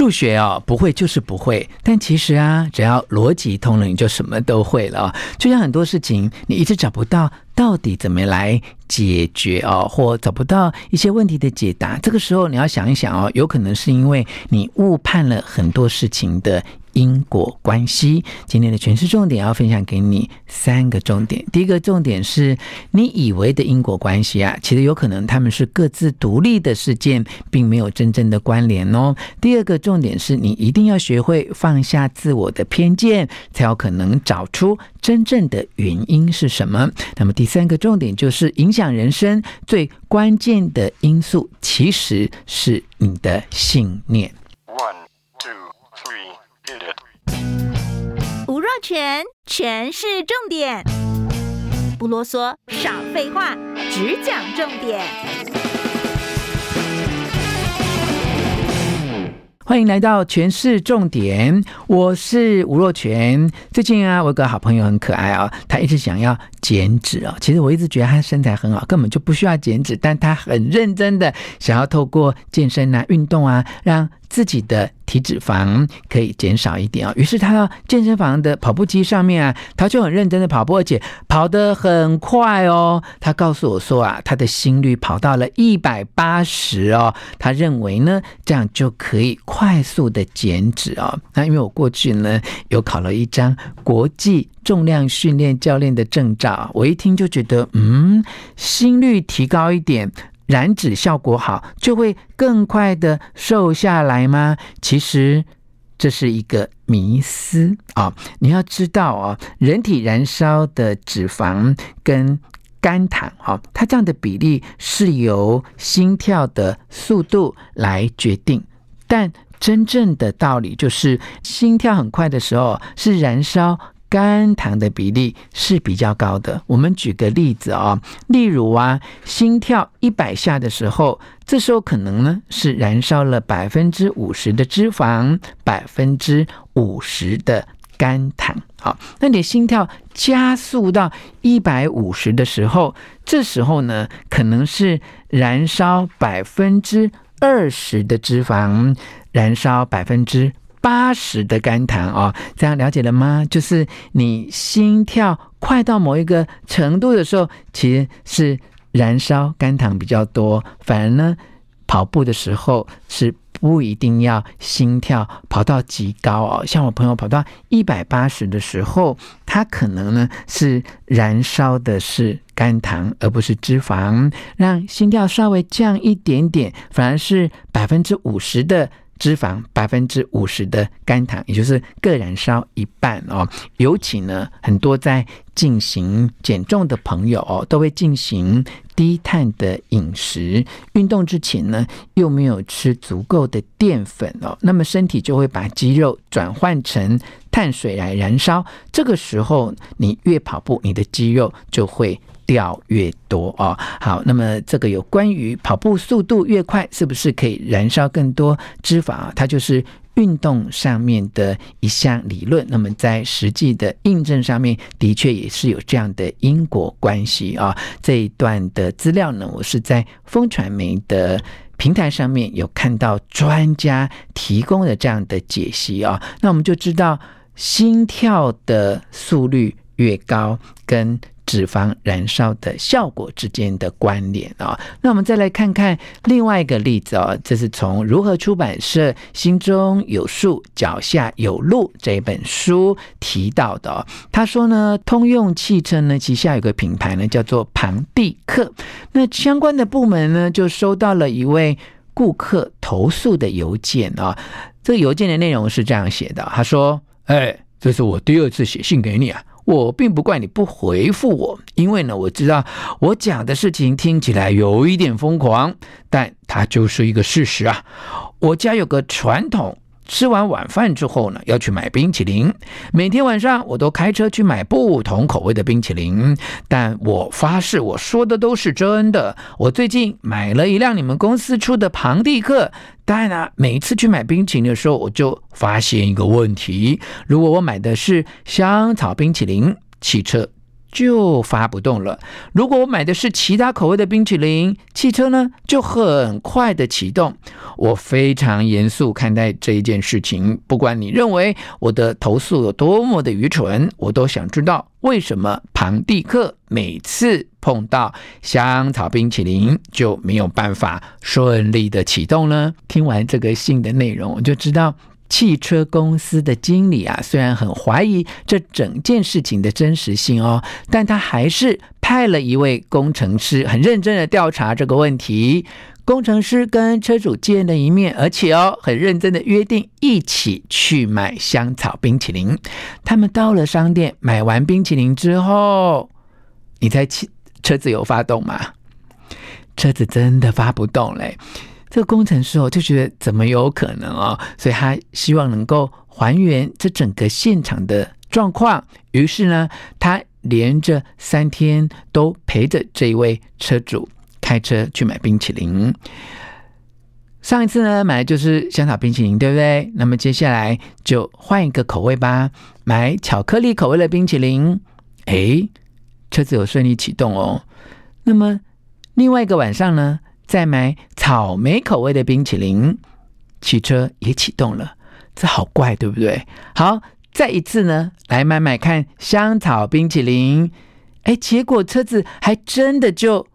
數學哦，不會就是不會。但其實啊，只要邏輯通了，你就什麼都會了哦。就像很多事情，你一直找不到到底怎麼來解決哦，或找不到一些問題的解答，這個時候你要想一想哦，有可能是因為你誤判了很多事情的因果關係，今天的權式重點要分享給你三個重點。第一個重點是你以為的因果關係啊，其實有可能他們是各自獨立的事件，並沒有真正的關聯哦。第二個重點是你一定要學會放下自我的偏見，才有可能找出真正的原因是什麼。那麼第三個重點就是影響人生最關鍵的因素，其實是你的信念。權，權式重點，不囉嗦，少廢話，只講重點。歡迎來到權式重點，我是吳若權。最近啊，我有一個好朋友很可愛啊、哦，他一直想要減脂啊、哦。其實我一直覺得他身材很好，根本就不需要減脂，但他很認真的想要透過健身啊、運動啊，讓。自己的體脂肪可以減少一點哦，於是他到健身房的跑步機上面啊，他就很認真的跑步，而且跑得很快哦。他告訴我說啊，他的心率跑到了一百八十哦。他認為呢，這樣就可以快速的減脂哦。那因為我過去呢，有考了一張國際重量訓練教練的證照，我一聽就覺得，嗯，心率提高一點。燃脂效果好，就會更快的瘦下來嗎？其實這是一個迷思啊、哦！你要知道哦，人體燃燒的脂肪跟肝糖、哦、它這樣的比例是由心跳的速度來決定。但真正的道理就是，心跳很快的時候是燃燒。肝糖的比例是比較高的。我們舉個例子啊、哦，例如啊，心跳一百下的時候，這時候可能呢是燃燒了百分之五十的脂肪，百分之五十的肝糖。好，那你心跳加速到一百五十的時候，這時候呢可能是燃燒百分之二十的脂肪，燃燒百分之。八十的肝糖哦，這樣了解了嗎？就是你心跳快到某一個程度的時候，其實是燃燒肝糖比較多。反而呢，跑步的時候是不一定要心跳跑到極高哦。像我朋友跑到一百八十的時候，他可能呢是燃燒的是肝糖而不是脂肪，讓心跳稍微降一點點，反而是百分之五十的。脂肪百分之五十的肝糖，也就是各燃燒一半哦。尤其呢，很多在進行減重的朋友哦，都會進行低碳的飲食，運動之前呢，又沒有吃足夠的澱粉哦，那麼身體就會把肌肉轉換成碳水來燃燒。這個時候，你越跑步，你的肌肉就會。掉越多啊、哦，好，那麼這個有關於跑步速度越快，是不是可以燃燒更多脂肪？它就是運動上面的一項理論。那麼在實際的印證上面，的確也是有這樣的因果關係啊、哦。這一段的資料呢，我是在風傳媒的平台上面有看到專家提供的這樣的解析啊、哦。那我們就知道，心跳的速率越高，跟脂肪燃燒的效果之間的關聯啊、哦，那我們再來看看另外一個例子哦，這是從《如何出版社心中有數腳下有路》這本書提到的、哦。他說呢，通用汽車呢旗下有一個品牌呢叫做龐蒂克，那相關的部門呢就收到了一位顧客投訴的郵件啊、哦。這個郵件的內容是這樣寫的，他說：“哎，這是我第二次寫信給你啊。”我並不怪你不回復我，因為呢，我知道我講的事情聽起來有一點瘋狂，但它就是一個事實啊。我家有個傳統。吃完晚飯之後呢，要去買冰淇淋。每天晚上我都開車去買不同口味的冰淇淋，但我發誓我說的都是真的。我最近買了一輛你們公司出的龐蒂克，但呢，啊，每次去買冰淇淋的時候，我就發現一個問題：如果我買的是香草冰淇淋，汽車。就發不動了。如果我買的是其他口味的冰淇淋，汽車呢就很快的啟動。我非常嚴肅看待這一件事情，不管你認為我的投訴有多麼的愚蠢，我都想知道為什麼龐蒂克每次碰到香草冰淇淋就沒有辦法順利的啟動呢？聽完這個信的內容，我就知道。汽車公司的經理啊，雖然很懷疑這整件事情的真實性哦，但他還是派了一位工程師，很認真的調查這個問題。工程師跟車主見了一面，而且哦，很認真的約定一起去買香草冰淇淋。他們到了商店，買完冰淇淋之後，你猜車子有發動嗎？車子真的發不動嘞！這個工程師哦，就覺得怎麼有可能哦。所以他希望能夠還原這整個現場的狀況。於是呢，他連着三天都陪着這一位車主開車去買冰淇淋。上一次呢，買的就是香草冰淇淋，對不對？那麼接下來就換一個口味吧，買巧克力口味的冰淇淋。哎，車子有順利啟動哦。那麼另外一個晚上呢？再買草莓口味的冰淇淋，汽車也啟動了，這好怪，對不對？好，再一次呢，來買買看香草冰淇淋，哎，結果車子還真的就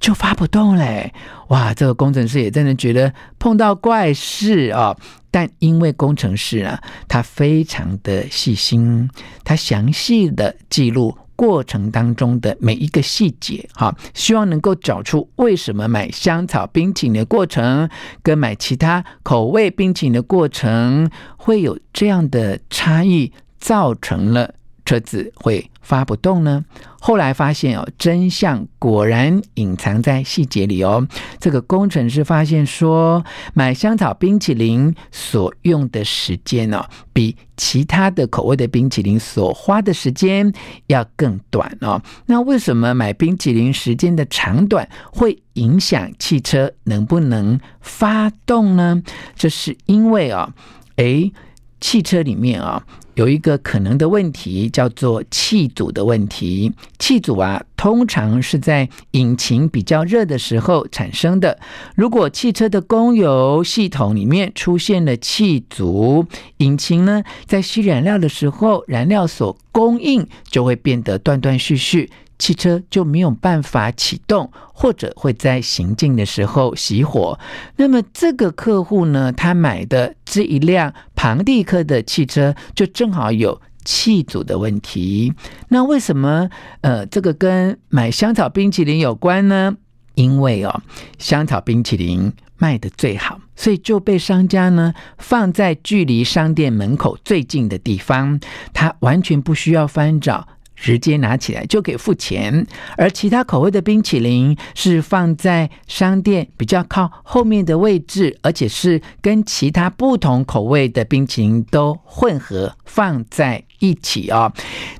就發不動嘞！哇，這個工程師也真的覺得碰到怪事啊、哦。但因為工程師啊，他非常的細心，他詳細的記錄。過程當中的每一個細節，哈，希望能夠找出為什麼買香草冰淇淋的過程跟買其他口味冰淇淋的過程會有這樣的差異，造成了，車子會發不動呢？後來發現哦，真相果然隱藏在細節裡哦。這個工程師發現說，買香草冰淇淋所用的時間哦，比其他的口味的冰淇淋所花的時間要更短哦。那為什麼買冰淇淋時間的長短會影響汽車能不能發動呢？這是因為哦，誒，汽車裡面哦。有一個可能的問題叫做氣阻的問題。氣阻啊，通常是在引擎比較熱的時候產生的。如果汽車的供油系統裡面出現了氣阻，引擎呢，在吸燃料的時候，燃料所供應就會變得斷斷續續。汽車就沒有辦法啟動，或者會在行進的時候熄火。那麼這個客戶呢，他買的這一輛龐蒂克的汽車就正好有氣阻的問題。那為什麼呃，這個跟買香草冰淇淋有關呢？因為哦，香草冰淇淋賣得最好，所以就被商家呢放在距離商店門口最近的地方，他完全不需要翻找。直接拿起來就可以付錢，而其他口味的冰淇淋是放在商店比較靠後面的位置，而且是跟其他不同口味的冰淇淋都混合放在一起哦。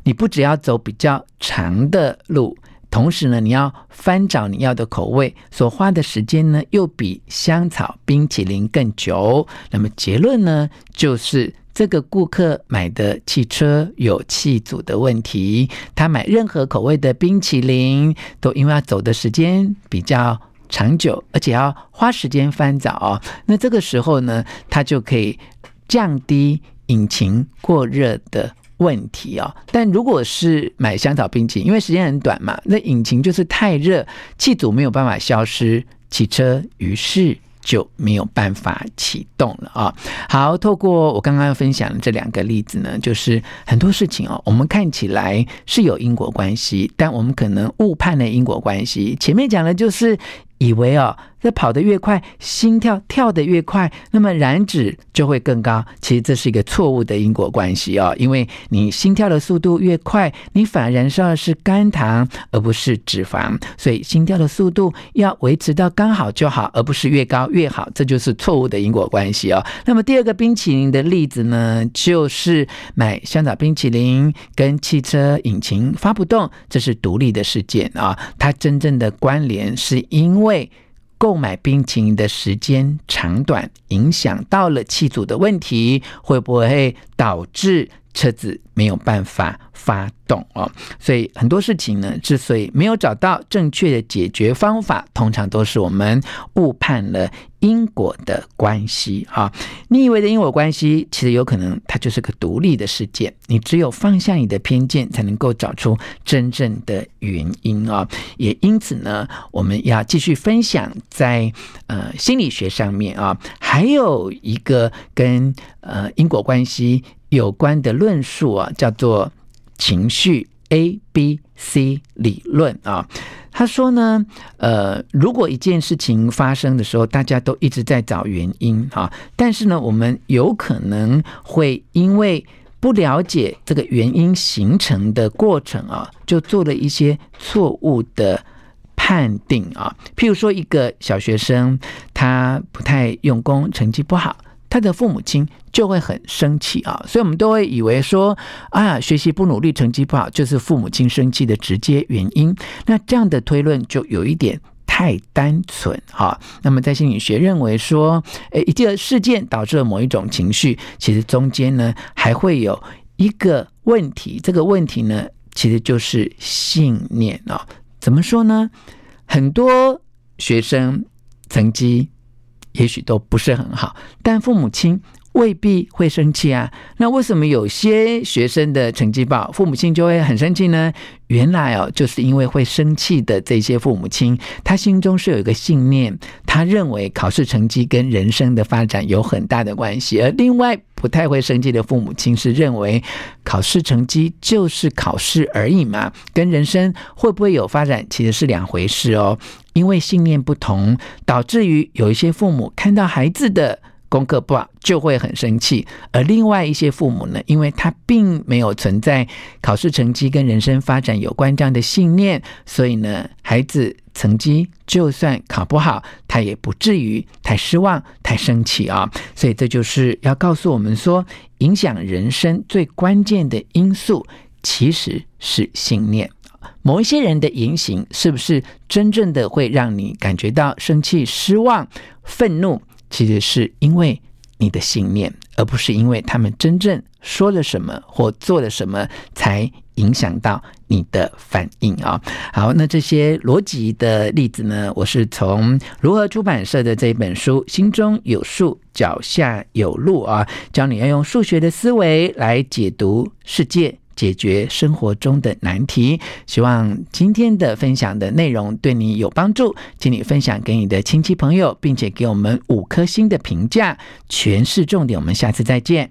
你不只要走比較長的路，同時呢，你要翻找你要的口味，所花的時間呢，又比香草冰淇淋更久。那麼結論呢，就是。這個顧客買的汽車有氣阻的問題，他買任何口味的冰淇淋都因為要走的時間比較長久，而且要花時間翻找哦，那這個時候呢，他就可以降低引擎過熱的問題哦，但如果是買香草冰淇淋，因為時間很短嘛，那引擎就是太熱，氣阻沒有辦法消失，汽車於是。就沒有辦法啟動了啊。好，透過我剛剛分享的這兩個例子呢，就是很多事情哦，我們看起來是有因果關係，但我們可能誤判了因果關係。前面講的就是以為哦，這跑得越快，心跳跳得越快，那麼燃脂就會更高。其實這是一個錯誤的因果關係啊、哦，因為你心跳的速度越快，你反而燃燒的是肝糖而不是脂肪，所以心跳的速度要維持到剛好就好，而不是越高越好。這就是錯誤的因果關係哦。那麼第二個冰淇淋的例子呢，就是買香草冰淇淋跟汽車引擎發不動，這是獨立的事件啊、哦，它真正的關聯是因為。購買冰淇淋的時間長短，影響到了氣阻的問題，會不會導致車子沒有辦法發動啊、哦，所以很多事情呢，之所以沒有找到正確的解決方法，通常都是我們誤判了因果的關係啊、哦。你以為的因果關係，其實有可能它就是個獨立的事件。你只有放下你的偏見，才能夠找出真正的原因啊、哦。也因此呢，我們要繼續分享在呃心理學上面啊、哦，還有一個跟呃因果關係有關的論述啊，叫做。情緒 ABC 理論啊，他說呢，呃，如果一件事情發生的時候，大家都一直在找原因啊，但是呢，我們有可能會因為不了解這個原因形成的過程啊，就做了一些錯誤的判定啊，譬如說一個小學生他不太用功，成績不好，他的父母親就會很生氣啊，所以我們都會以為說，啊，學習不努力，成績不好，就是父母親生氣的直接原因。那這樣的推論就有一點太單純哈。那麼在心理學認為說，誒，一件事件導致了某一種情緒，其實中間呢還會有一個問題，這個問題呢其實就是信念啊。怎麼說呢？很多學生成績。也許都不是很好，但父母親未必會生氣啊？那為什麼有些學生的成績不好，父母親就會很生氣呢？原來哦，就是因為會生氣的這些父母親，他心中是有一個信念，他認為考試成績跟人生的發展有很大的關係；而另外不太會生氣的父母親是認為，考試成績就是考試而已嘛，跟人生會不會有發展其實是兩回事哦。因為信念不同，導致於有一些父母看到孩子的。功課不好就會很生氣，而另外一些父母呢，因為他並沒有存在考試成績跟人生發展有關這樣的信念，所以呢，孩子成績就算考不好，他也不至於太失望、太生氣啊、哦。所以這就是要告訴我們說，影響人生最關鍵的因素其實是信念。某一些人的言行是不是真正的會讓你感覺到生氣、失望、憤怒？其實是因為你的信念，而不是因為他們真正說了什麼或做了什麼，才影響到你的反應啊、哦。好，那這些邏輯的例子呢，我是從如何出版社的這一本書《心中有數，腳下有路》啊、哦，教你要用數學的思維來解讀世界。解決生活中的難題。希望今天的分享的內容對你有幫助，請你分享給你的親戚朋友，並且給我們五顆星的評價。權式重點，我們下次再見。